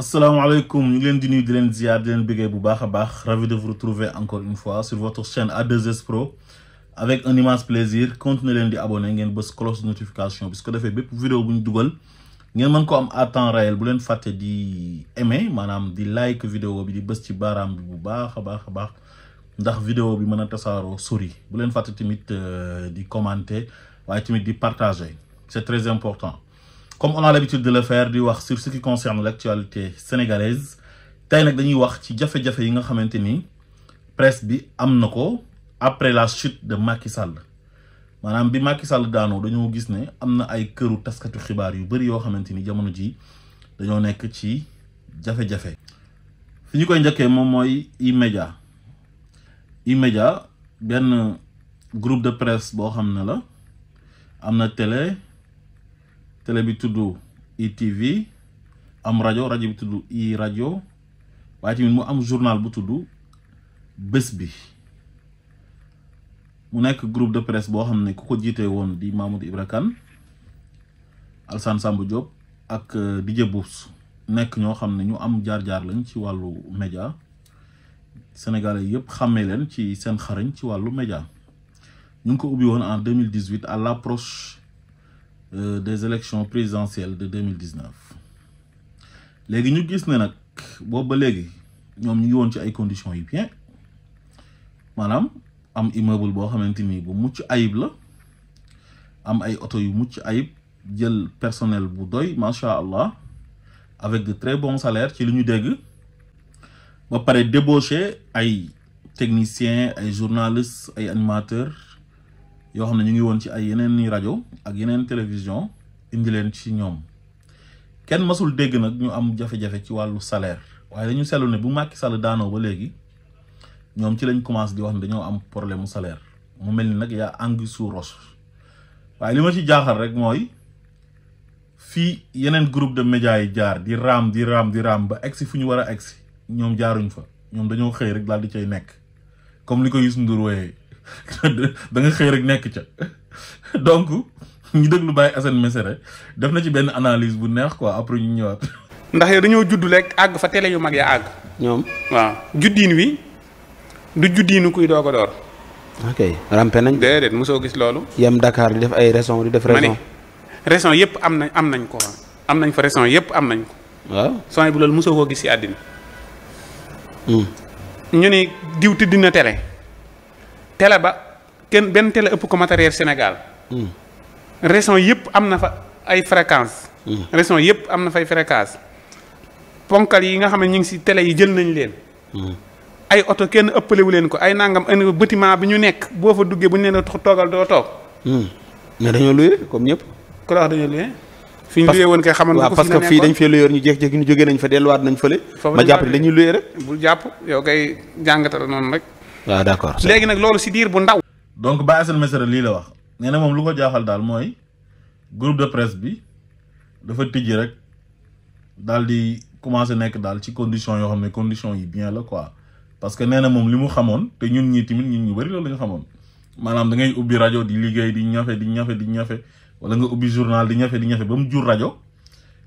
Salam alaikum bienvenue ravi de vous retrouver encore une fois sur votre chaîne A2S avec un immense plaisir continuez de vous abonner cloche de notification puisque vous vidéo bu mën à temps réel bu aimer like vidéo vous di ci vidéo euh, commenter partager c'est très important comme on a l'habitude de le faire di wax sur ce qui concerne l'actualité sénégalaise tay nak dañuy wax ci jafé jafé yi nga xamanteni presse bi am nako après la chute de Macky Sall manam bi Macky Sall daano dañu gis né amna ay keuru taskatu xibaar yu bari yo xamanteni jamono ji dañu nek ci jafé jafé fi ñu koy njëkkee moom mooy E-Media e groupe de presse bo xamna la amna télé télé bi tudd ITV am rajo rajo bi tudd i rajo waaye tamit mu am journal bu tudd bés bi mu nekk groupe de presse boo xam ne ku ko jiitee woon di Mamadou Ibra Kane Alassane Samba Diop ak euh, Didier Bouss nekk ñoo xam ne ñu am jaar-jaar lañ ci wàllu média sénégalais yëpp xàmmee leen ci seen xarañ ci wàllu média ñu ngi ko ubbi woon en 2018 à l'approche Euh, des élections présidentielles de 2019 Les ñu gis ne nag boobu ba nous ñoom ñu conditions bien Madame, am immeuble bo xamanteni bu mucc ayib la am ay auto yu mucc ayib jël personnel bu doy Masha'Allah, avec de très bons salaires ci liñu dégg ba paré débaucher ay techniciens ay journalistes ay animateurs yoo xam ne ñu ngi woon ci ay yeneen ni rajo ak yeneen télévision indi leen ci ñoom kenn masul dégg nag ñu am jafe-jafe ci wàllu salaire waaye dañu seetlu ne bu Macky Sall daanoo ba léegi ñoom ci lañ commence di wax ne dañoo am problème mu salaire mu mel ni nag yaa anguille sous roche waaye li ma ci jaaxal rek mooy fii yeneen groupe de médias yi jaar di raam di raam di raam ba egsi fu ñu war a egsi ñoom jaaruñ fa ñoom dañoo xëy rek daal di cay nekk comme li ko Youssou Ndour wooyee da nga xëy rek nekk ca donc ñu deglu bay asan Mesere def na ci ben analyse bu neex quoi après ñu ñëwaat. ndax yow dañu judd lek ag fa télé yu mag ya ag ñom wa juddine wi du juddine kuy dogo dor ok rampé nañ. déedéet mosoo gis lolu yam Dakar di def ay raison di def. raison raison yépp am nañ am nañ ko am nañ fa raison yépp am nañ ko. wa soñ bu loolu mosoo ko gis si hmm ñu ni diw tëdd télé télé ba ken ben télé ëpp ko matériel Sénégal. hmm raison yépp amna fa ay fréquence hmm raison yépp amna fa ay fréquence ponkal yi nga xamné ñing ci ngi télé yi jël nañ leen. hmm ay auto ken ëppalé wu leen ko ay nangam indi bâtiment bi ñu nekk bo fa duggé bu ñu leen do tok hmm né dañu luyé comme ñëpp. ko la wax dañoo luye. fi ñu luye kay xaman ko parce que fi dañ fi luyoon ñu jékki-jékki ñu joggé nañ fa delluwaat nañ fële. ma japp dañu luyé rek. bu japp yow kay jàngatal non rek waaw ah, d' accord léegi nag loolu si diir bu ndaw. donc Baye Assane Mesere lii la wax nee na lu ko jaaxal daal mooy groupe de presse bi dafa tijji rek daal di commencé nekk daal ci condition yoo xam ne condition yi bien la quoi parce que nee na moom li mu xamoon te ñun ñii tamit ñun ñu bëri loolu la ñu xamoon da ngay ubbi rajo di liggéey di ñafe di ñafe di ñafe wala nga ubbi journal di ñafe di ñafe ba jur radio.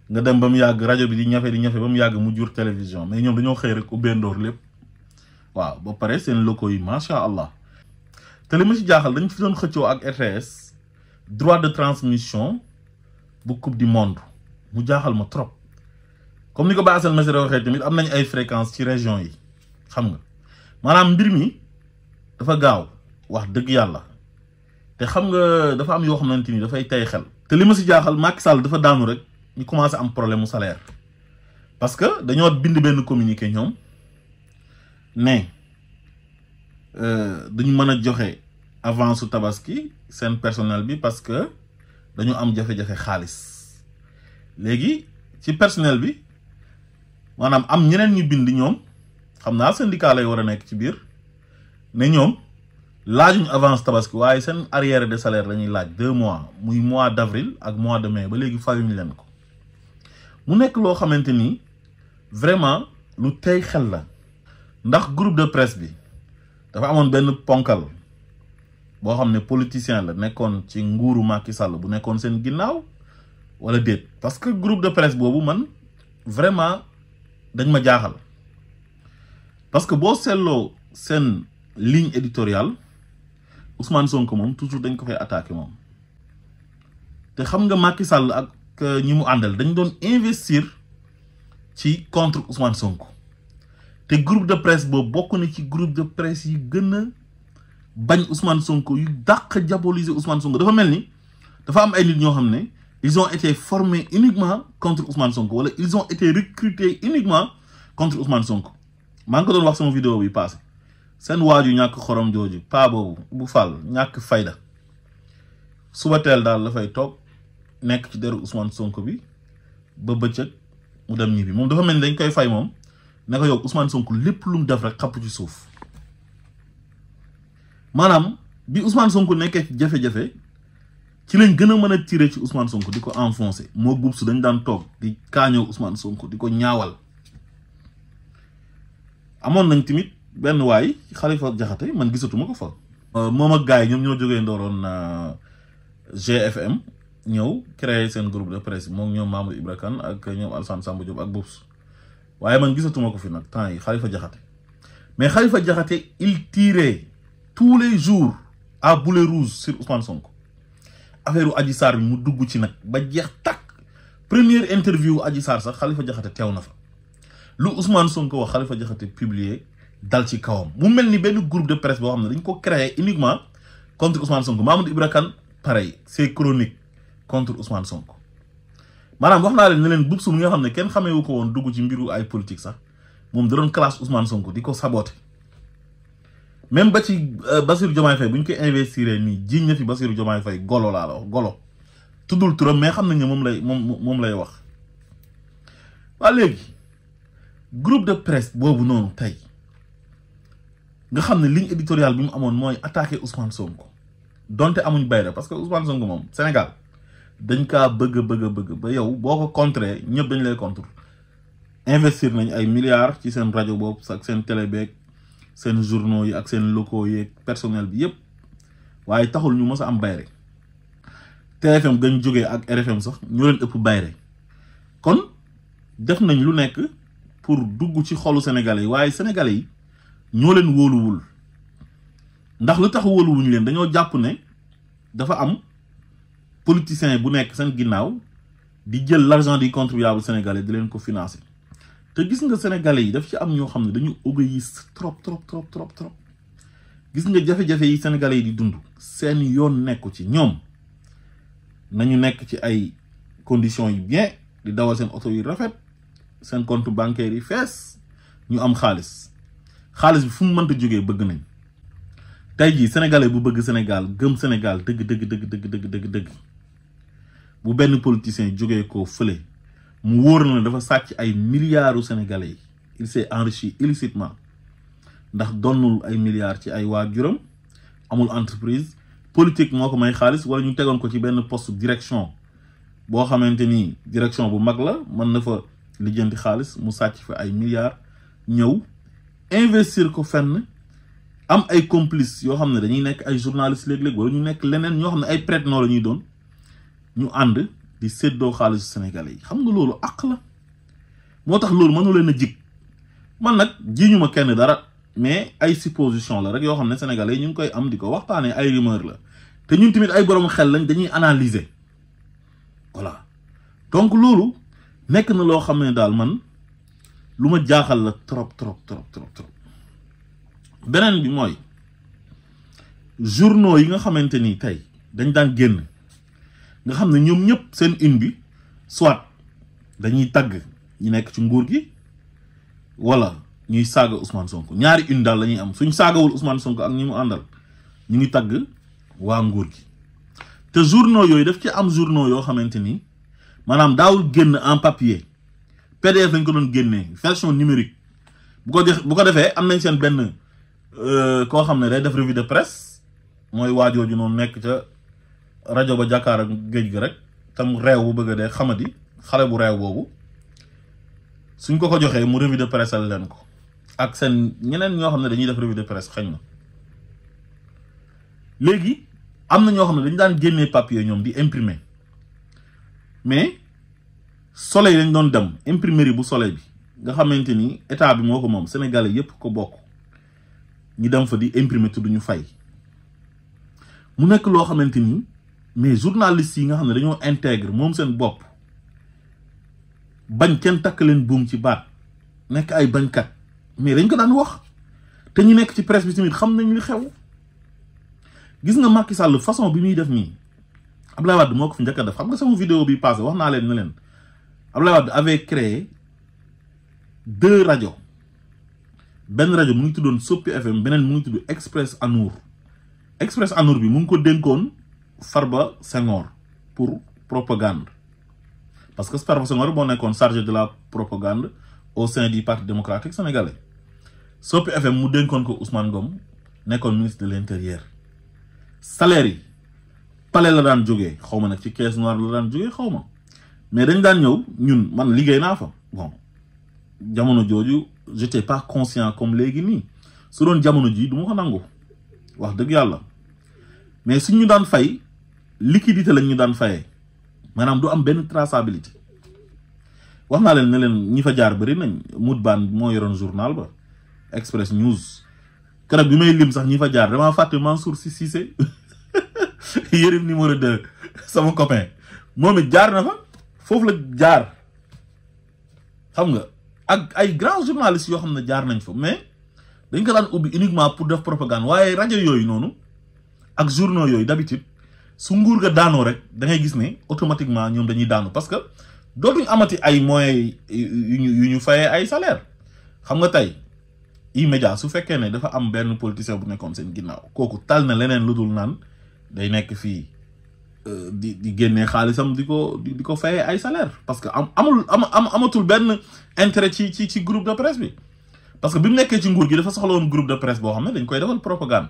nga dem ba mu yàgg rajo bi di ñafe di ñafe ba mu mu jur télévision mais ñoom dañoo xëy rek ubbeendóor lépp. waaw ba pare seen locaux yi macha allah te li ma ci jaaxal dañ fi doon xëccoo ak RTS droit de transmission bu coupe du monde mu jaaxal ma trop comme ni ko Bassel Mesere waxee tamit am nañ ay fréquence ci région yi xam nga maanaam mbir mi dafa gaaw wax dëgg yàlla te xam nga dafa am yoo xamante ni dafay tey xel. te li ma si jaaxal Macky Sall dafa daanu rek ñu commencé am problème salaire parce que dañoo bind benn communiqué ñoom. ne euh, dañu mën a joxe avance su tabaski seen personnel bi parce que dañu am jafe-jafe xaalis léegi ci personnel bi maanaam am ñeneen ñu bind ñoom xam naa syndicat lay war a nekk ci biir ne ñoom laajuñ avance tabaski waaye seen arriéré de salaire la ñuy laaj deux mois muy mois d'avril ak mois de mai ba léegi fayuñ leen ko mu nekk loo xamante ni vraiment lu tey xel la ndax groupe de presse bi dafa amoon benn ponkal boo xam ne politicien la nekkoon ci nguuru Macky Sall bu nekkoon seen ginnaaw wala déet parce que groupe de presse boobu man vraiment dañ ma jaaxal parce que boo seetloo seen ligne éditoriale Ousmane sonk moom toujours dañ ko fay attaqué moom te xam nga Macky Sall ak euh, ñi mu àndal dañ doon investir ci contre Ousmane sonk le groupe de presse boobu bokk na ci groupe de presse yu gën a Ousmane Sonko yu dàq diaboliser Ousmane Sonko dafa mel ni dafa am ay nit ñoo ils ont été formés uniquement contre Ousmane Sonko wala ils ont été recrutés uniquement contre Ousmane Sonko maa ngi ko doon wax sama vidéo bi passé seen waaju ñàkk xorom jooju paa boobu bu fal ñàkk fayda suba dans le fait top nekk ci deru Ousmane Sonko bi ba bëccëg mu dem ñibbi moom dafa mel dañ koy fay moom. naka yow Ousmane Sonko lépp lu mu def rek xapp ci suuf maanaam bi Ousmane Sonko nekkee ci jafe-jafe ci lañ gën a mën a tiré ci Ousmane Sonko di ko enfoncé moo gub su dañ daan toog di kaañoo Ousmane Sonko di ko ñaawal amoon nañ tamit benn waay Khalifa Diakhaté man gisatuma ko fa euh, moom ak gars yi ñoom ñoo jógee ndooroon euh, GFM ñëw créé seen groupe de presse moom ñëw Mamadou Ibra Kane ak ñoom Alassane Samba Diop ak Boubs waye man gisatuma ko fi nak temps yi Khalifa jahate mais Khalifa jahate il tirait tous les jours à boulet rouge sur Ousmane Sonko affaire Adji Sarr mu dugg ci nak ba première interview Adji Sarr sax Khalifa jahate tewna fa lu Ousmane Sonko wax Khalifa jahate publier dal ci kawam mu Même ben groupe de presse qui xamna ko créé uniquement contre Ousmane Sonko Mamadou Ibrakan, pareil c'est chronique contre Ousmane Sonko maanaam wax naa leen ne leen bub su mi xam ne kenn xameewu ko woon dugg ci mbiru ay politique sax moom da doon classe Ousmane Sonko di ko saboté même ba ci euh, Bassirou Diomaye bu ñu koy investir nii jiñ na fi Bassirou Diomaye golo laa golo tuddul turam mais xam nañ ne moom lay moom moom lay wax waa léegi groupe de presse boobu noonu tey nga xam ne ligne éditoriale bi mu amoon mooy attaquer Ousmane ko donte amuñ bayra parce que Ousmane Sonko moom Sénégal dañ kaa bëgg bëgg bëgg ba yow boo ko contrer ñëpp dañ lay contre investir nañ ay milliards ci seen rajo boobu ak seen télé beeg seen journaux yi ak seen locaux yeeg personnel bi yëpp waaye taxul ñu mës a am bayre TFM gañ jóge ak RFM sax ñu leen ëpp bayre kon def nañ lu nekk pour dugg ci xolu sénégalais yi waaye sénégalais yi ñoo leen wóoluwul ndax lu tax wóoluwuñu leen dañoo jàpp ne dafa am politiciens bu nek sen ginnaw di jël l'argent du contribuable sénégalais di len ko financer te gis nga sénégalais yi daf ci am ño xam dañu égoïste trop trop trop trop trop gis nga jafe-jafe yi sénégalais yi di dund sen yon nek ci ñom nañu nek ci ay conditions yu bien di dawal sen auto yi rafet sen compte bancaire yi fess ñu am xaliss xaliss bi fu mu mënta joggé bëgg nañ tay ji sénégalais bu bëgg Sénégal gëm Sénégal deug deug deug deug deug deug deug bu ben politicien jógee ko feulé mu wóor na dafa sàcc ay milliards sénégalais il s'est enrichi illicitement ndax donnul ay milliards ci ay waajuram amul entreprise politique moko may xaliss wala ñu tégon ko ci ben poste direction bo xamanteni direction bu mag la man na fa lijjanti xaliss mu sàcc fa ay milliards ñew investir ko fenn am ay complices yo xamne dañuy nek ay journalistes léeg-léeg wala ñu nek lenen ño xamne ay prête no la ñuy ñu ànd di séddoo xaalis sénégalais yi xam nga loolu àq la moo tax loolu mënu leen a jig man nag jiñu ma kenn dara mais ay supposition la rek yoo xam ne sénégalais ñu ngi koy am di ko waxtaanee ay rumeur la te ñun tamit ay borom xel lañ dañuy analyser voilà donc loolu nekk na loo xam ne daal man lu ma jaaxal la trop trop trop trop trop beneen bi mooy journaux yi nga xamante ni tey dañ daan génn. nga xam ne ñoom ñëpp seen une bi soit dañuy tagg ñu nekk ci nguur gi wala ñuy saaga Ousmane Sonko ñaari une daal lañuy am suñ saagawul Ousmane Sonko ak ñu mu àndal ñu ngi tagg waa nguur gi te journaux yooyu def ci am journaux yoo xamante ni maanaam daawul génn en papier PDF lañ ko doon génnee version numérique bu ko def bu ko defee am nañ seen benn euh, koo xam ne day def revue de presse mooy waajooju noonu nekk ca rajo ba jakar ak geej gi rek tam rew bu bëgg a xamadi xale bu rew bobu suñ ko ko joxee mu revue de presse al len ko ak sen ñeneen ño xam dañuy def revue de presse xagn na léegi am na dañu daan génné papier ñom di imprimer mais soleil lañ doon dem imprimerie bu soleil bi nga xamanteni ni état bi moko mom sénégalais yépp ko bokk ñi dem fa di imprimer tuddu ñu fay mu nek lo xamanteni ni mais journalistes yi nga xamné ne intègre mom sen bop bañ kenn takk leen ci baat nek ay mais dañ ko sont wax té ñu nek ci presse bi tamit xam nañ pas xew gis nga Macky Sall façon bi muy def pas Abdoulaye Wade ne fi njëkk Ils def xam nga sama vidéo bi passé wax na leen ne leen Abdoulaye Wade avait créé deux radios. benn radio mu ngi tudon FM benen mu ngi Express Anour Express Anour bi mu ngi ko Farba Senghor pour propagande parce que Farba Senghor bon, nekkoon chargé de la propagande au sein du parti démocratique sénégalais Sopi FM mu dénkoon ko Ousmane Ngom nekkoon ministre de l'Intérieur. salaire yi pale la daan jógee xaw ma nag ci caisse noire la daan jógee xaw ma mais dañ daan ñëw ñun man liggéey naa fa bon jamono jooju j'étais pas conscient comme léegi nii su doon jamono ji du ma ko nangu wax dëgg yàlla mais si ñu daan fay. liquidité lañ ñu daan fayee maanaam du am benn traçabilité wax naa leen ne leen ñi fa jaar bari nañ Moutbane moo yoroon journal ba Express News keroog bi may lim sax ñi fa jaar damaa fàtte Mansour Sy Cissé yërim numéro deux sama copain moom it jaar na fa foofu la jaar xam nga ak ay grands journalistes yoo xam ne jaar nañ fa mais dañ ko daan ubbi uniquement pour def propagande waaye rajo yooyu noonu ak journaux yooyu d'habitude su nguur ga daano rek da ngay gis ne automatiquement ñoom dañuy daano parce que dootuñ amati ay moyens yu ñu fayé ay salaire xam nga tay immédiat su fekkee ne dafa am benn politicien bu nekkoon seen ginnaaw kooku tal na leneen lu dul naan day nekk fii euh, di di génnee xaalisam di ko di ko ay salaire parce que am amul am amatul benn intérêt ci ci ci groupe de presse bi parce que bi mu nekkee ci nguur gi dafa soxla woon groupe de presse boo xam ne dañ koy defal propagande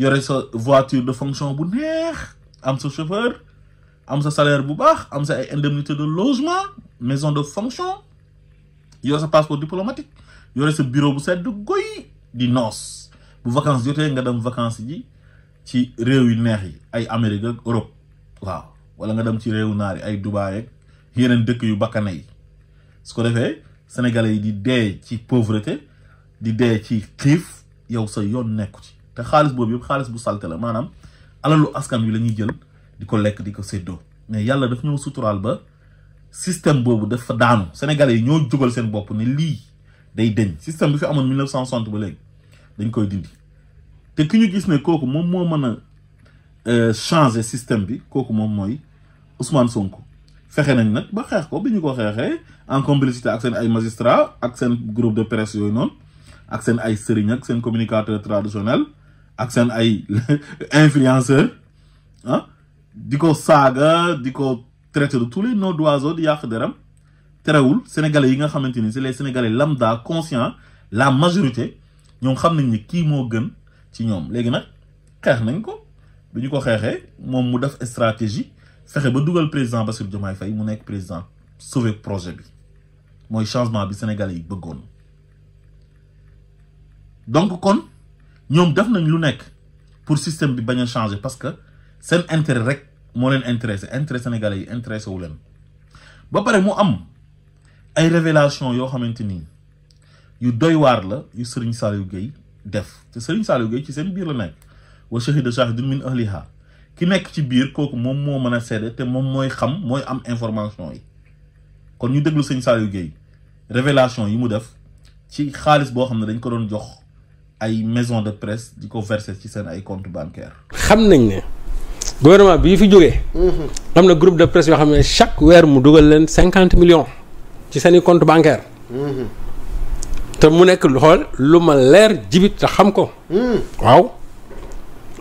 yore sa voiture de fonction bu neex am sa chauffeur am sa salaire bu baax am sa indemnité de logement maison de fonction yore sa passeport diplomatique yore sa bureau bu de goy di nos. bu vacances jotee nga dem vacances di, ci réew yu neex yi ay Amérique Europe waaw wala nga dem ci réewu naar ay Dubaï ak yeneen dëkk yu bakkane yi su ko defee sénégalais yi di dey ci pauvreté di dey ci kif, yow sa yon nekku te xaalis boobu yëpp xaalis bu salté la manam alalu askan wi lañuy jël diko ko lekk di ko mais yalla daf ñoo suturaal ba système boobu dafa daanu sénégalais ñoo jógal seen bop ne li day deñ système bi fi amoon 1960 ba léegi dañ koy dindi té ki ñu gis né koku mom mo mëna euh changer système bi koku mom moy Ousmane Sonko fexé nañ nak ba xex ko biñu ko xexé en complicité ak seen ay magistrats ak seen groupe de presse yoy noonu ak seen ay sëriñ ak seen communicateur traditionnel ak seen ay influenceur hein ah, diko saga, diko traiter de tous les noms d'oiseaux di de deram sénégalais yi nga xamanteni c'est les sénégalais lambda conscient la majorité ils xam nañ ni ki mo gën ci ñom légui nak mon nañ ko bi ko xeexee parce mu def stratégie fexe ba dugal président Bassir Diomaye Faye mu nek président sauver projet bi moy changement bi sénégalais yi bëggoon donc kon ñom def nañ lu nek pour système bi baña changer parce que seen intérêt rek mo len intéressé intérêt sénégalais intéressé wu leen ba paré mu am ay révélation yo xamanteni yu doy war la yu Serigne Saliou Gueye def te Serigne Saliou Gueye ci seen biir la nek wa shahid shahidun min ahliha ki nek ci biir kooku moom moo mën a te mom moy xam moy am information yi kon ñu déglu Serigne Saliou Gueye révélation yi mu def ci xaalis bo xam ne dañ ko doon jox ay maison de presse diko ko verser ci seen ay compte bancaire xam nañ ne gouvernement bi fi jógee. hmm amna groupe de presse yo xamné chaque weer mu dugal leen 50 millions ci seen compte bancaire hmm te mu nek lool luma lèr leer jibit te xam ko. hmm waw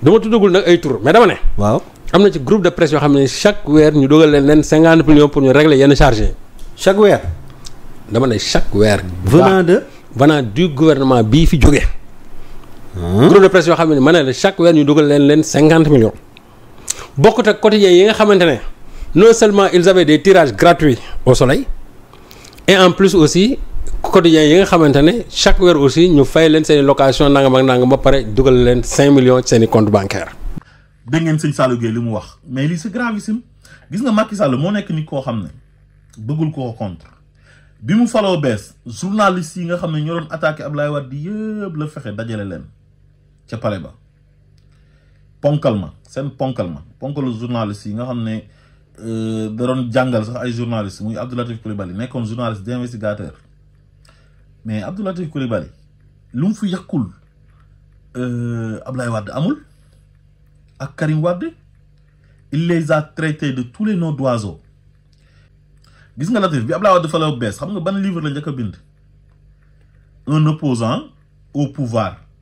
dama tudugul nak ay tour mais dama né waw amna ci groupe de presse yo xamné chaque weer ñu dugal leen leen cinquante millions pour ñu régler yenn chargé chaque weer. dama né chaque weer. venant de venant du gouvernement bi fi jógee. Hein? groupe de presse yoo xam ne ma chaque weer ñu dugal leen leen 50 millions bokkut ak quotidien yi nga xamante ne non seulement ils avaient des tirages gratuits au soleil et en plus aussi quotidien yi nga xamante ne chaque weer aussi ñu fay leen seen location nangam ak nangam ba pare dugal leen cinq millions ci seen compte bancaire dégg ngeen sëñ Saliou Guèye li mu wax mais lii c'est gravissime gis nga Macky Sall moo nekk nit koo xam ne bëggul contre bi mu faloo bees journaliste yi nga xam ne ñoo doon attaqué Abdoulaye Wade yëpp la fexe dajale leen ca pale ba Ponkalma. ma seen ponkal ma le journaliste yi nga xam ne euh, da doon jàngal sax ay journaliste muy Abdoulatif Latif Coulibaly nekkoon journaliste d'investigateur mais Abdoulatif Latif Coulibaly lu mu fi yàqul euh, Ablaye Wade amul ak Karim Wade il les a traités de tous les noms d'oiseaux gis nga Latif bi Ablaye Wade dafa la bees xam nga ban livre la njëkk bind un opposant au pouvoir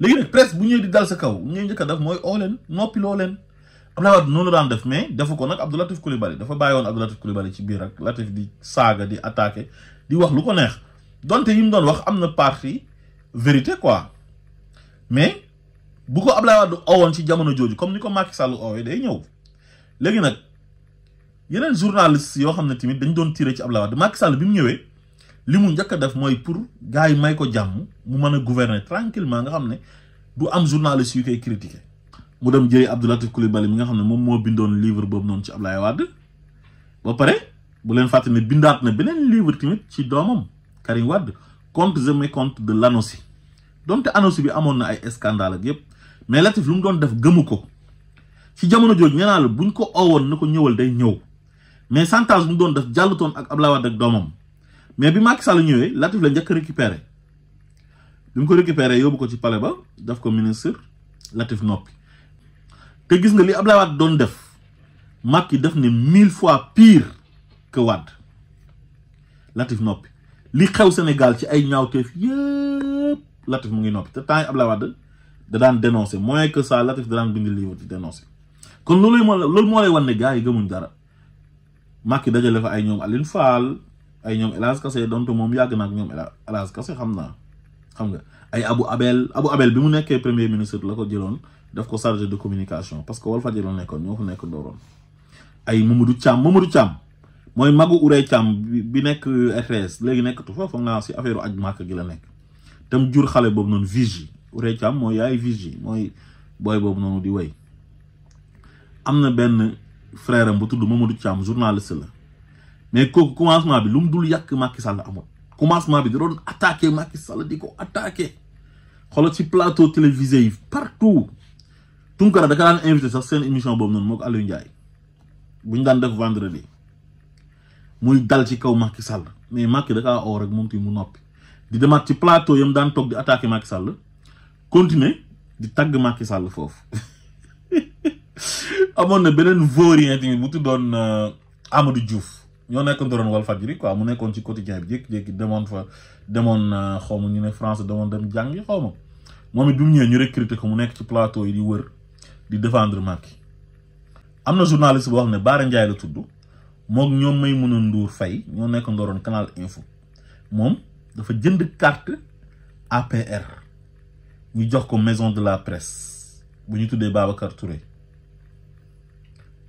léegi nag presse bu ñëwee di dal sa kaw ñëw njëkk a def mooy oo leen noppi loo leen Abdoulaye Wade noonu daan def mais defu ko nag Abdou Latif Coulibaly dafa bàyyi woon Abdou Latif Coulibaly ci biir ak Latif di saaga di attaqué di wax lu ko neex donte yi mu doon wax am na partie vérité quoi mais bu ko Abdoulaye Wade owoon ci jamono jooju comme ni ko Macky Sall oowee day ñëw léegi nag yeneen journaliste yoo xam ne tamit dañ doon tiré ci Abdoulaye Wade Macky Sall bi mu ñëwee li mu njëkk a def mooy pour gars yi may ko jàmm mu mën a gouverner tranquillement nga xam ne bu am journaliste yu koy critiquer mu dem jëri Abdou Latif Coulibaly mi nga xam ne moom moo bindoon livre boobu noonu ci Ablaye Wade ba pare bu leen fàtte ne bindaat na beneen livre tamit ci doomam Karim Wade compte je me compte de l'ANOCI donte ANOCI bi amoon na ay scandale ak yëpp mais Latif lu mu doon def gëmu ko ci jamono jooju nee naa buñ ko owoon na ko ñëwal day ñëw mais chantage mu doon def jàllutoon ak Ablaye Wade doomam mais bi Macky Sall ñëwee Latif la njëkk récupéré bi mu ko récupéré yóbbu ko ci palais ba daf ko ministre Latif noppi te gis nga li Abdoulaye Wade doon def Macky def ne mille fois pire que Wade Latif noppi li xew Sénégal ci ay ñaaw ñaawteef yëpp Latif mu ngi noppi te temps yi Abdoulaye Wade da daan dénoncé moins que ça Latif da daan bind livre di dénoncé kon loolu moo loolu moo lay wan ne gars yi gëmuñ dara Macky dajale fa ay ñoom Aline Fall ay ñom El Hadj donto mom yag nak ñom ak ñoom xamna xam nga ay Abu Abel Abu Abel bi mu nekkee premier ministre la ko jëloon daf ko chargé de communication parce que Walfadjri la nekkoon ñoo nekk doron ay Mamadou cham Mamadou cham, moy magu Urey cham bi nekk RTS léegi nekk tu fofu naa ci affaireu aj màkk gi la nekk tam jur xalé bobu non Vigi Urey cham moy yaay Vigi moy boy bobu noonu di wéy amna ben frère am bu tuddu Mamadou cham journaliste la mais kooku commencement bi lu mu dul yàkk Macky Sall amoon commencement bi da doon attaqué Macky di ko attaqué xoolal ci plateau télévisé yi partout Tunkara da ka invité sax seen émission boobu noonu moo ko Aliou bu ñu daan def vendredi muy dal ci kaw Macky Sall mais Macky da rek moom mu noppi di demaat ci plateau yam daan di attaqué Macky Sall continuer di tagg Macky Sall foofu amoon na beneen vaurien tamit bu tuddoon euh, Amadou Diouf. ñoo nekkoon doon wal fajri quoi mu nekkoon ci quotidien bi jékki-jékki demoon fa demoon euh, xaw ma ñu ne France demoon dem jàngi xaw ma moom it bi mu ñëwee ñu recruter ko mu nekk ci plateau yi di wër di défendre Macky am na journaliste boo xam ne Baara Ndiaye la tudd moog ñoom may mën a fay ñoo nekk ndoroon canal info moom dafa jënd carte APR ñu jox ko maison de la presse bu ñu tuddee Babacar Touré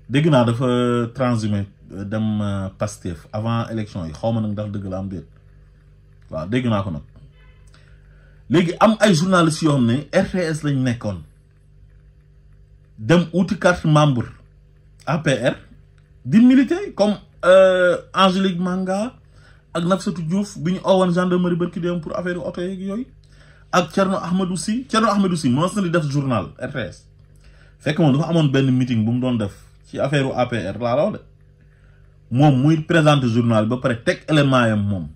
dégg naa dafa transhumé dem euh, Pastef avant élection yi xaw ma nag ndax dëgg la am déet waaw dégg naa ko nag léegi am ay journalistes yoo xam lañ nekkoon dem uti carte membre APR di militer comme euh, Angélique Manga ak Nafsatou Diouf bi ñu owoon gendarmerie barki dem pour affaire oto yeeg yooyu ak Thierno Ahmadou Sy Thierno Ahmadou Sy mos na di def journal RTS fekk moom dafa amoon benn meeting bu mu doon def ci affaire APR laa la de mom muy présenter journal ba paré teg élément yam moom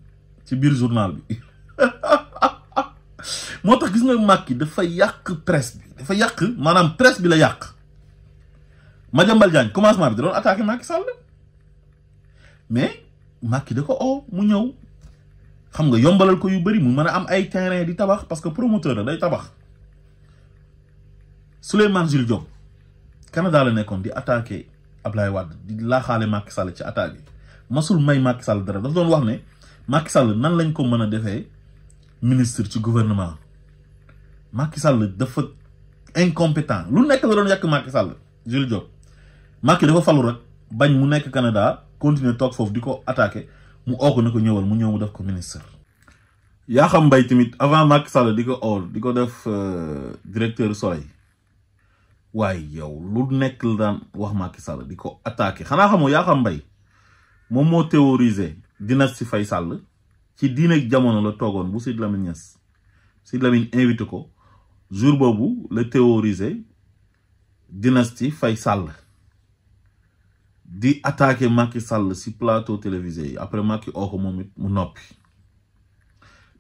ci biir journal bi motax gis nga Macky dafa yak presse bi dafa yak manam presse bi la yàq Madiambal Diagne commencement bi da doon attaqué Macky Sall mais Macky da ko oo mu ñew xam nga yombalal ko yu bari mu mën am ay terrain di tabax parce que promoteur la day tabax souleyman Jules Diop Canada la nekkon di attaquer Ablaye Wade di laa xaale Macky Sall ci attaque bi masul may Macky Sall dara daf doon wax ne Macky Sall nan lañ ko mën a defee ministre ci gouvernement Macky Sall dafa incompétent lu nekk la doon yàq Macky Sall Jules Diop Macky dafa falu rek bañ mu nekk Canada continuer toog foofu di ko attaqué mu oo na ko ñëwal mu ñëw mu def ko ministre. yaa xam mbay tamit avant Macky Sall di ko oo di ko def euh, directeur Soleil. waaye yow lu nekk la daan wax Macky Sall di ko attaqué xanaa xamoo yaa xam mbay moom moo théorisé dina si fay sàll ci diineeg jamono la toogoon bu Sidy Lamine Niass Sidy Lamine invité ko jour boobu la théorisé dynastie fay Sall di attaqué Macky Sall si plateau télévisé yi après Macky oo oh, ko moom it mu noppi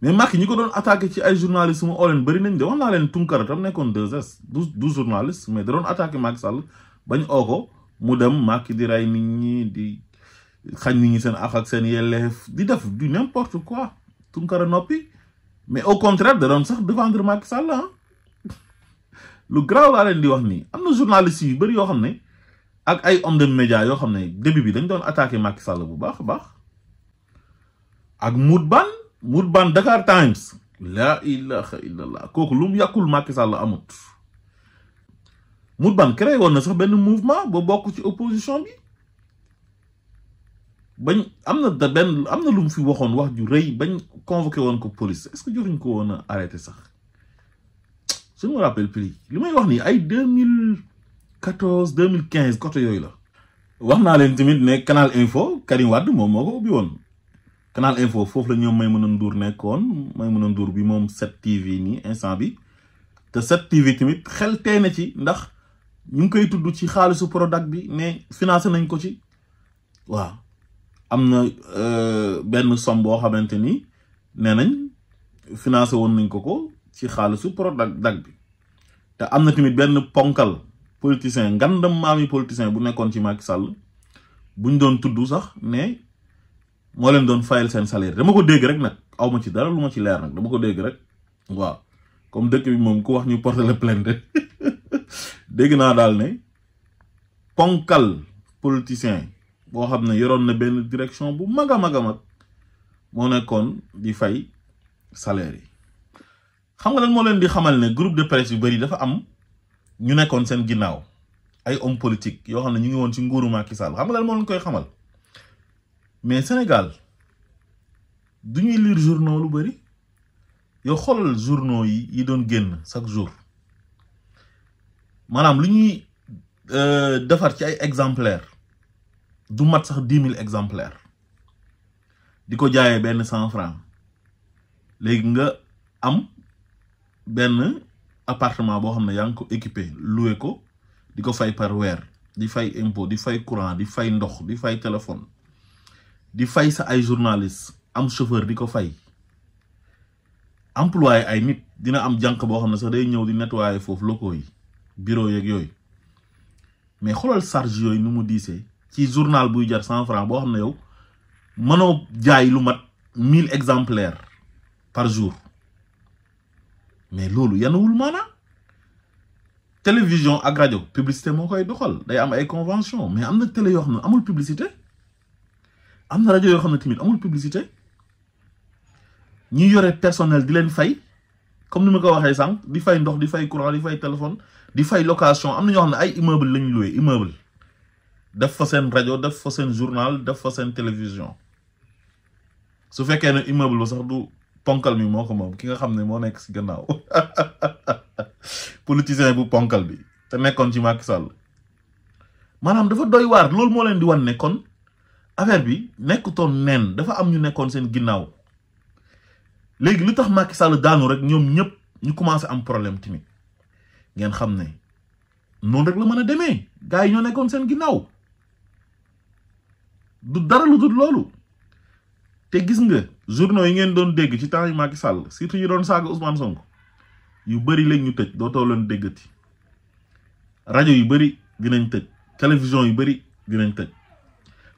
mais Macky ñi ko doon attaqué ci ay journalistes mu oo leen bëri nañ de wax naa leen Tunkara tam nekkoon 2S du journaliste mais da doon attaqué Macky Sall bañ oo ko mu dem Macky di rey nit ñi di xañ nit ñi seen af ak seen yelleef di def du n'importe quoi Tunkara noppi mais au contraire da doon sax défendre Macky Sall ah lu garaaw laa leen di wax nii am na journalistes yu bëri yoo xam ne ak ay hommes de médias yoo xam ne début bi dañ doon attaqué Macky Sall bu baax a baax ak Mout Mourban Dakar Times la ilaha illallah Allah. lu mu Macky Sall amut Mourban créé na sax ben mouvement bo bok ci opposition bi Bagn amna da ben amna vous fi waxone wax ju reuy convoquer ko police est-ce que ko arrêté sax je me rappelle plus li may wax deux mille 2015, deux ne Canal Info Karim Wade moom moo ko ubbi canal info foofu la ñoom Maimouna Ndour nekkoon Maimouna Ndour bi moom 7TV nii instant bi te 7TV tamit xel tey na ci ndax ñu ngi koy tudd ci xaalisu Prodac bi ne financé nañ ko ci waaw am na euh, benn somme boo xamante ni nee nañ financé woon nañ ko ko ci xaalisu Prodac bi te am na tamit benn ponkal politicien ngandam maami politicien bu nekkoon ci Macky Sall buñ doon tudd sax ne. moo leen doon fayal seen salaire dama ko dégg rek nag aw ma ci dara lu ma ci leer nag dama ko dégg rek waaw comme dëkk bi moom ku wax ñu porter la plainte dégg naa daal ne ponkal politicien boo xam ne yoroon na benn direction bu mag a mag a mag moo nekkoon di fay salaire yi. xam nga lan moo leen di xamal ne groupe de presse yu bari dafa am ñu nekkoon seen ginnaaw ay homme politique yoo xam ne ñu ngi woon ci nguuru Macky Sall xam nga lan moo leen koy xamal. mais Sénégal du ñuy liir journaux lu bëri yow xoolal journaux yi yi doon génn chaque jour maanaam lu ñuy euh, defar ci ay exemplaires du mat sax dix mille exemplaires di ko jaayee benn cent franc léegi nga am benn appartement boo xam ne yaa ngi ko équipé loué ko di ko fay par weer di fay impôt di fay courant di fay ndox di fay téléphone. di fay sa ay journaliste am chauffeur qui fay employé ay nit dina am jank bo xamna sax day ñew locaux bureau mais xolal charge yoy nu mu journal buy jar 100 franc bo xamna yow exemplaires par jour mais loolu yanuwul La télévision ak publicité mo koy doxal day am convention mais amna télé publicité amna radio yo xamna xam tamit amul publicité ñi yoré personnel di len fay comme ni ma ko waxee sànq di fay ndox di fay courant di fay téléphone di fay location amna ñu xamna ay immeuble lañu loué immeuble def fa seen radio def fa seen journal def fa seen télévision su fekké na immeuble ba sax du ponkal mi moko mom ki nga xam mo nek ci gannaaw politicien bu ponkal bi te nekkoon ci Macky Sall manam dafa doy war loolu mo len di wan ne kon affaire bi nekkutoon nen dafa am ñu nekkoon seen ginnaaw léegi lu tax Macky Sall daanu rek ñoom ñëpp ñu commencé am problème tamit ngeen xam ne noonu rek la mën a demee gars yi ñoo nekkoon seen ginnaaw du dara lu dul loolu te gis nga journaux yi ngeen doon dégg ci temps yi Macky Sall surtout yi doon saaga Ousmane Sonko yu bëri lañ ñu tëj dootoo leen déggati rajo yu bëri dinañ tëj télévision yu bëri dinañ tëj.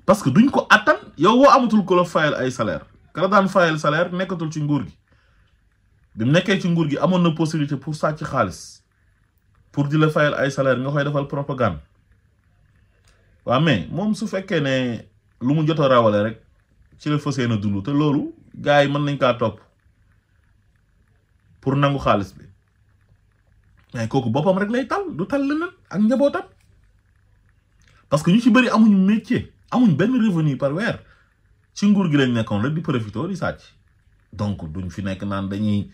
parce que duñ ko attan yow boo amatul ko la fayal ay salaire kala daan fayal salaire nekkatul ci nguur gi bi nekkee ci nguur gi amoon na possibilité pour sàcc xaalis pour di la fayal ay salaire nga koy defal propagande waa mais moom su fekkee ne lu mu jot a rawale rek ci la fas yéene dund te loolu gars yi mën nañ kaa topp pour nangu xaalis bi mais kooku boppam rek lay tal du tal leneen ak njabootam parce que ñu ci bëri amuñu métier. amuñ benn revenu par weer ci nguur gi lañ nekkoon rek di profité di sàcc donc duñ fi nekk naan dañuy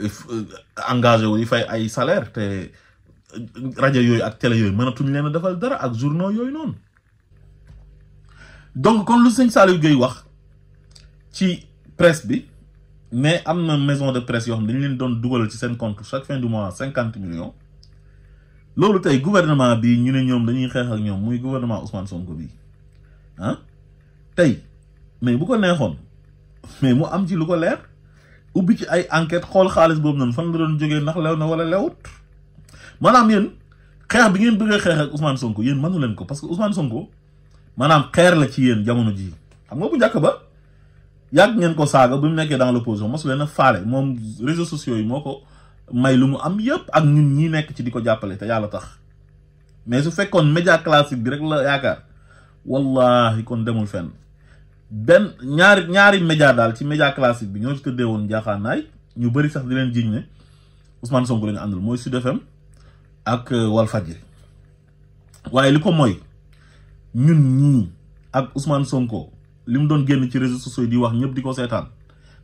euh, euh, engagé wu di fay ay salaire te euh, rajo yooyu ak télé yooyu mënatuñ leen a defal dara ak journaux yooyu noonu donc kon lu sëñ Saliou Gueye wax ci presse bi mais am na maison de presse yoo xam dañu leen doon dugal ci seen compte chaque fin du mois cinquante million loolu tey gouvernement bi ñu ne ñoom dañuy xeex ak ñoom muy gouvernement Ousmane Sonko bi ah tey mais bu ko neexoon mais mu am ci lu ko leer ubbi ci ay enquête xool xaalis boobu noonu fan la doon jógee ndax lew na wala lewut maanaam yéen xeex bi ngeen bëggee xeex ak Ousmane Sonko yéen mënu leen ko parce que Ousmane Sonko maanaam xeer la ci yéen jamono jii xam nga bu njëkk ba yàgg ngeen ko saaga bi mu nekkee dans l'opposition su leen a faale moom réseaux sociaux yi moo ko may lu mu am yëpp ak ñun ñi nekk ci di ko jàppale te yàlla tax mais su fekkoon média classique bi rek la yaakaar. wallahi kon demul fenn benn ñaari ñaari média daal ci média classique bi ñoo ci tëddee woon jaaxaanaay ñu bari sax di leen jiñ ne Ousmane Sonko la ñu mooy Sud FM ak euh, Walfadjri waaye li ko mooy ñun ñii ak Ousmane Sonko li mu doon génn ci réseaux sociaux di wax ñëpp di ko seetaan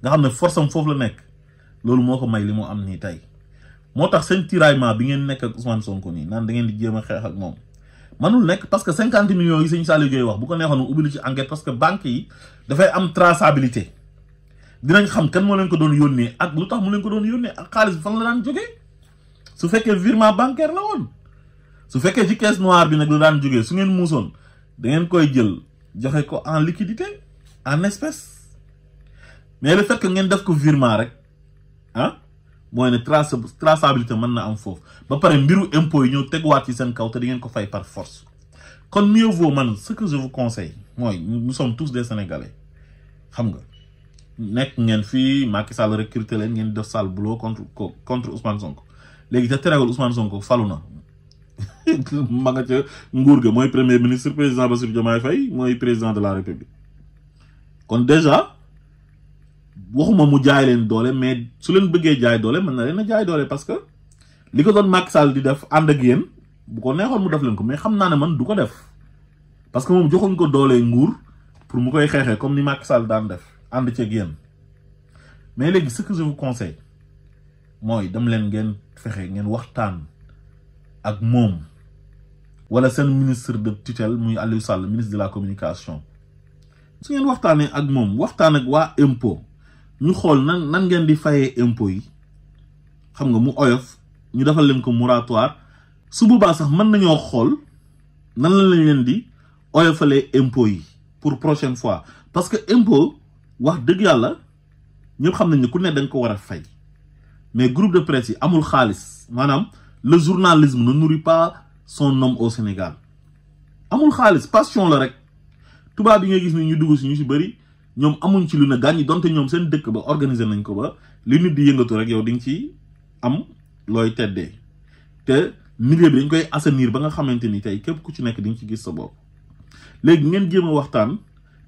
nga xam ne force am foofu la nekk loolu moo ko may li mu am nii tey moo tax seen tiraillement bi ngeen nekk ak Ousmane Sonko nii naan da ngeen di jéem a xeex ak moom. manul nek parce que 50 millions yi seigne Saliou Gueye wax bu ko nekhone mu ci enquête parce que banque yi da fay am traçabilité dinañ xam kan mo len ko don yonne ak lutax mo len ko don yonne ak xaliss bi fan la dan jógee su fekkee virement bancaire la won su fekkee ci caisse noire bi nak la dan jógee su ngeen muusoon da ngeen koy jël joxé ko en liquidité en espèce mais le fait que ngeen def ko virement rek hein moi ne trace traçabilité man na am fof ba paré mbiru impôt yi ñëw teguwaat ci sen kaw té di ngeen ko fay par force kon mieux vaut man ce que je vous conseille moi nous sommes tous des sénégalais xam nga nek ngeen fi Macky Sall recruté leen ngeen def boulot contre contre Ousmane Sonko légui te terewul Ousmane Sonko falu na ma nga ca nguur premier ministre président Bassirou Diomaye Faye moy président de la République kon déjà waxuma mu jaay leen doole mais su leen bëggee jaay doole mën na leen a jaay doole parce que li ko doon Macky Sall di def ànd ak yéen bu ko neexoon mu def leen ko mais xam naa ne man du ko def parce que moom joxuñ ko doolee nguur pour mu koy xeexee comme ni Macky Sall daan def ànd ceeg yéen mais léegi ce que je vous conseille mooy dem leen ngeen fexe ngeen waxtaan ak moom wala seen ministre de tutelle muy Aliou Sall ministre de la communication su ngeen waxtaanee ak moom waxtaan ak waa impôt ñu xool nan nan ngeen di fayee impôts yi xam nga mu oyof ñu defal leen ko moratoire su boobaa sax mën nañoo xool nan lañ leen di oyofalee impôts yi pour prochaine fois parce que impôt wax dëgg yàlla ñëpp xam nañ ne ku ne da nga ko war fay mais groupe de presse yi amul xaalis maanaam le journalisme ne nourrit pas son nom au Sénégal amul xaalis passion la rek tubaab yi nga gis ni ñu dugg si ñu si bëri. ñoom amuñ ci lu ne gàññi donte ñoom seen dëkk ba organiser nañ ko ba li nit di yëngatu rek yow di nga ci am looy teddee te milieu bi dañ koy assainir ba nga xamante ni tey képp ku ci nekk di nga ci gis sa bopp. léegi ngeen jéem a waxtaan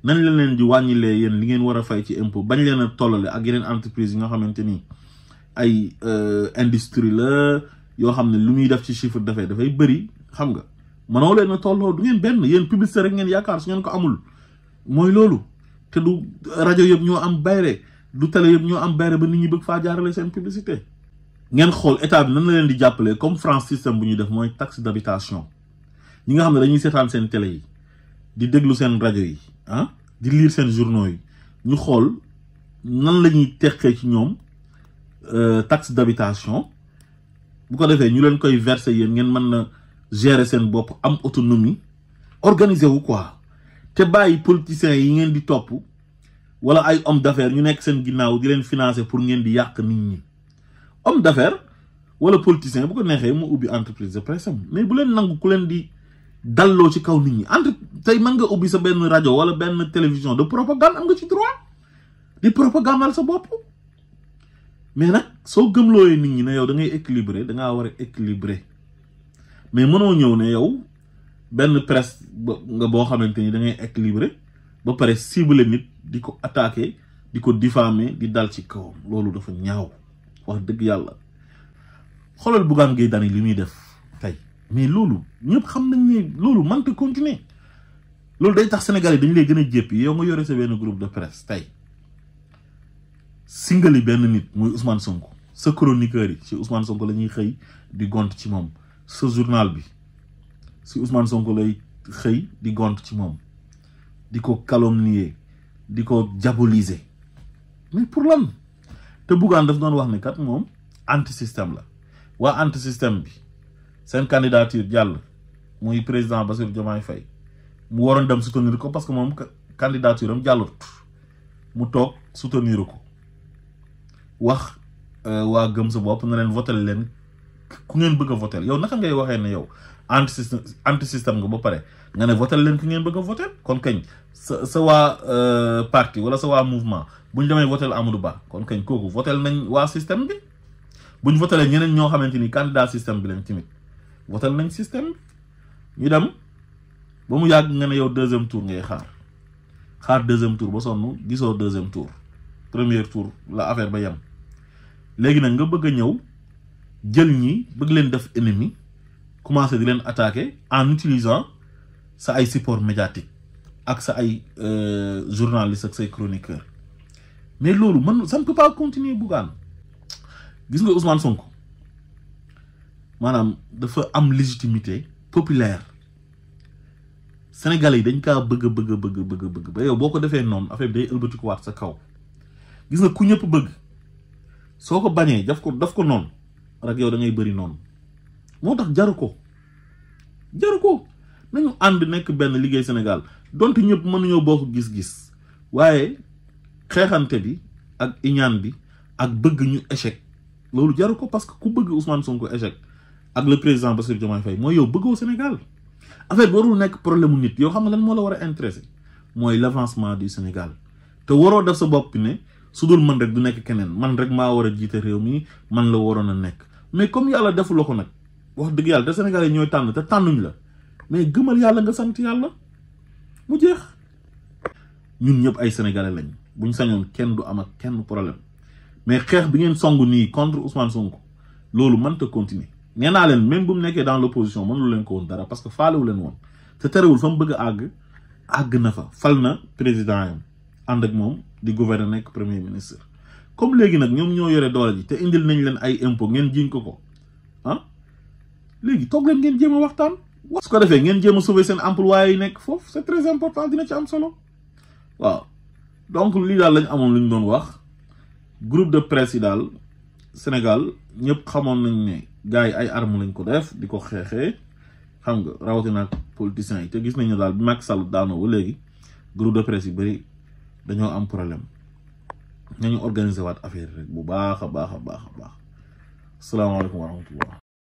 nañ la leen di wàññilee yéen li ngeen war a fay ci impo bañ leen a tollale ak yeneen entreprise yi nga xamante ni ay euh, industrie la yoo xam ne lu muy def ci chiffre dafay dafay bëri xam nga mënoo leen a tolloo du ngeen benn yéen publicité rek yaakaar su ngeen ko amul mooy loolu. te du rajo yëpp ñoo am bayre du télé yëpp ñoo am bayre ba nit ñi bëgg faa jaarale seen publicité ngeen xool état bi nan la leen di jàppale comme France système bu ñuy def mooy taxe d'habitation ñi nga xam ne dañuy seetaan seen télé yi di déglu seen rajo yi ah di lire seen journaux yi ñu xool nan la ñuy teqee ci ñoom euh, taxe d'habitation bu ko defee ñu leen koy verser yéen ngeen mën na gérer seen bopp am autonomie organiser wu quoi te bàyyi politiciens yi ngeen di topu, wala ay homme d'affaires ñu nek seen ginnaw di leen financer pour ngeen di yak nit ñi homme d'affaires wala politiciens bu ko nexé mu ubi entreprise de presse mais bu leen nangu ku leen di dallo ci kaw nit ñi entre tay man nga ubi sa ben rajo wala ben télévision de propagande am nga ci droit di propagande sa bop mais so soo gëmlooyee nit ñi na yow da ngay équilibrer da nga wara équilibrer mais mënoo ñëw ne yow benn presse nga boo xamante ni da ngay équilibré ba pare ciblé nit di ko attaqué di ko diffamer di dal ci kawam loolu dafa ñaaw wax dëgg yàlla xoolal Bougane Gueye Dany li muy def tey mais loolu ñëpp xam nañ ne loolu mënta continuer loolu day tax Sénégal yi dañu lay gën a jéppi yow nga yore sa benn groupe de presse tey singali benn nit muy Ousmane Sonko sa chroniqueur yi ci Ousmane Sonko la ñuy xëy di gont ci moom sa journal bi si Ousmane Sonko lay xey di gont ci mom di ko calomnier di ko diaboliser mais pour lan te bougan daf don wax ni kat mom anti système la wah anti système bi sen candidature jàll moy président Basir Diomaye Faye mu waron dem soutenir ko parce que mom candidature am jàllut mu tok soutenir ko wax euh, wa gëm sa bop na len votel len ku ngeen bëgg voter votel yow naka ngay waxee ne yow anti système anti nga ba pare nga ne voté leen ki ngeen bëgg a voté kon kañ sa sa waa euh, parti wala sa waa mouvement bu ñu demee voté Amadou Ba kon kañ kooku voté nañ waa système bi bu ñu voté ñeneen ñoo xamante ni candidat système bi lañ timit voté nañ système bi ñu dem ba mu yàgg nga ne yow deuxième tour ngay xaar xaar deuxième tour ba sonn gisoo deuxième tour première tour la affaire ba yem léegi nag nga bëgg a ñëw jël ñi bëgg leen def ennemi. commencé de leen attaquer en utilisant sa ay support médiatique avec sa euh, journaliste avec ses chroniqueur mais loolu man ça ne peut pas continuer Bougan. gis nga Ousmane Sonko maanaam dafa am légitimité populaire Sénégalais yi dañ kaa bëgg bëgg bëgg bëgg bëgg ba yow boo ko defee noonu affaire bi day sa kaw gis nga ku ñëpp bëgg soko bañé daf ko daf ko non rek yow da ngay bëri non. Motax jaru ko jaru ko nañu ànd nekk benn liggéey Sénégal donte ñëpp mënuñoo bokk gis-gis waaye xeexante bi ak iñaan bi ak bëgg ñu échec loolu jaru ko parce que ku bëgg Ousmane Sonko échec ak le président Bassirou Diomaye Faye mooy yow bëggoo Sénégal en fait warul nekk problème nit yoo xam ne lan moo la war a intéressé mooy l' avancement du Sénégal te waroo def sa bopp ne su dul man rek du nekk keneen man rek maa war a jiite réew mi man la waroon a nekk mais comme yàlla defu la ko nag. wax dëgg yàlla te Sénégalais yi ñooy tànn te tànnuñ la mais gëmal yàlla nga sant yàlla mu jeex. ñun ñëpp ay sénégalais lañ buñ sañoon kenn du am ak kenn problème mais xeex bi ngeen song nii contre Ousmane Sonko loolu mënta continuer nee naa leen même bu mu nekkee dans l' opposition mënul leen ko woon dara parce que faalewu leen woon te terewul fa mu bëgg àgg àgg na fa fal na président yam ànd ak moom di gouverneur nekk premier ministre comme léegi nag ñoom yore doole ji te indil nañ leen ay impôt ngeen jiñ ko ko ah? léegi toog leen ngeen jéem a waxtaan. su ko defee ngeen jéem a sauver seen emploi yi nekk foofu c'est très important dina ci am solo waaw donc lii daal lañ amoon lu ñu doon wax groupe de presse yi daal Sénégal ñëpp xamoon nañ ne gars yi ay armes lañ ko def di ko xeexee xam nga rawatina ak politiciens yi te gis nañu ne daal bi Macky Sall daanoo ba léegi groupe de presse yu bari dañoo am problème nañu organiser waat affaire rek bu baax a baax a baax a baax salaamaaleykum